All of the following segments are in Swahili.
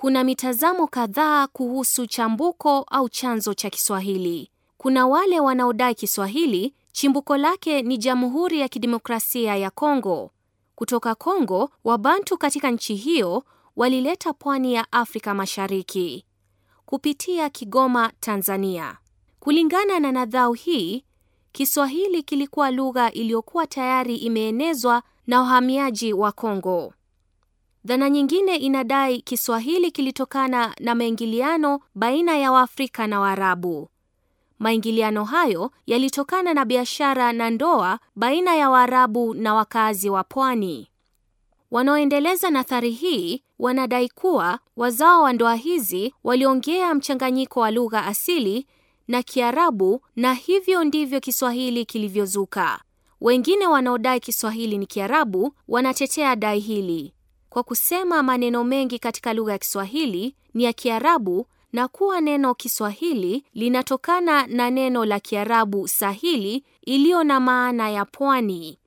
Kuna mitazamo kadhaa kuhusu chambuko au chanzo cha Kiswahili. Kuna wale wanaodai Kiswahili chimbuko lake ni Jamhuri ya Kidemokrasia ya Kongo. Kutoka Kongo, Wabantu katika nchi hiyo walileta pwani ya Afrika Mashariki kupitia Kigoma, Tanzania. Kulingana na nadhau hii, Kiswahili kilikuwa lugha iliyokuwa tayari imeenezwa na wahamiaji wa Kongo. Dhana nyingine inadai Kiswahili kilitokana na maingiliano baina ya Waafrika na Waarabu. Maingiliano hayo yalitokana na biashara na ndoa baina ya Waarabu na wakazi wa pwani. Wanaoendeleza nadhari hii wanadai kuwa wazao wa ndoa hizi waliongea mchanganyiko wa lugha asili na Kiarabu na hivyo ndivyo Kiswahili kilivyozuka. Wengine wanaodai Kiswahili ni Kiarabu wanatetea dai hili kwa kusema maneno mengi katika lugha ya Kiswahili ni ya Kiarabu na kuwa neno Kiswahili linatokana na neno la Kiarabu sahili iliyo na maana ya pwani.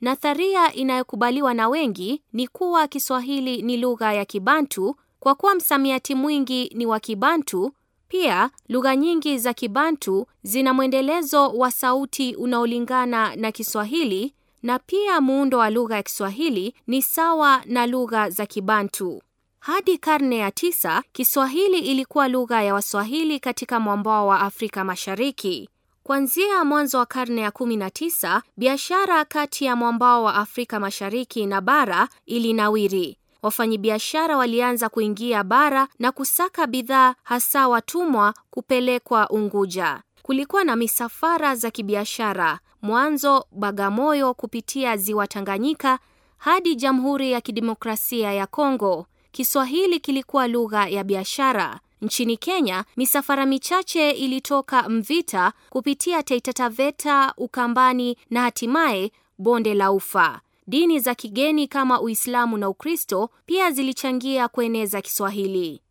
Nadharia inayokubaliwa na wengi ni kuwa Kiswahili ni lugha ya Kibantu kwa kuwa msamiati mwingi ni wa Kibantu. Pia lugha nyingi za Kibantu zina mwendelezo wa sauti unaolingana na Kiswahili na pia muundo wa lugha ya Kiswahili ni sawa na lugha za Kibantu. Hadi karne ya tisa, Kiswahili ilikuwa lugha ya Waswahili katika mwambao wa Afrika Mashariki. Kuanzia mwanzo wa karne ya 19, biashara kati ya mwambao wa Afrika Mashariki na bara ilinawiri. Wafanyabiashara walianza kuingia bara na kusaka bidhaa, hasa watumwa kupelekwa Unguja. Kulikuwa na misafara za kibiashara. Mwanzo, Bagamoyo kupitia ziwa Tanganyika hadi Jamhuri ya Kidemokrasia ya Kongo. Kiswahili kilikuwa lugha ya biashara. Nchini Kenya, misafara michache ilitoka Mvita kupitia Taita Taveta, Ukambani na hatimaye Bonde la Ufa. Dini za kigeni kama Uislamu na Ukristo pia zilichangia kueneza Kiswahili.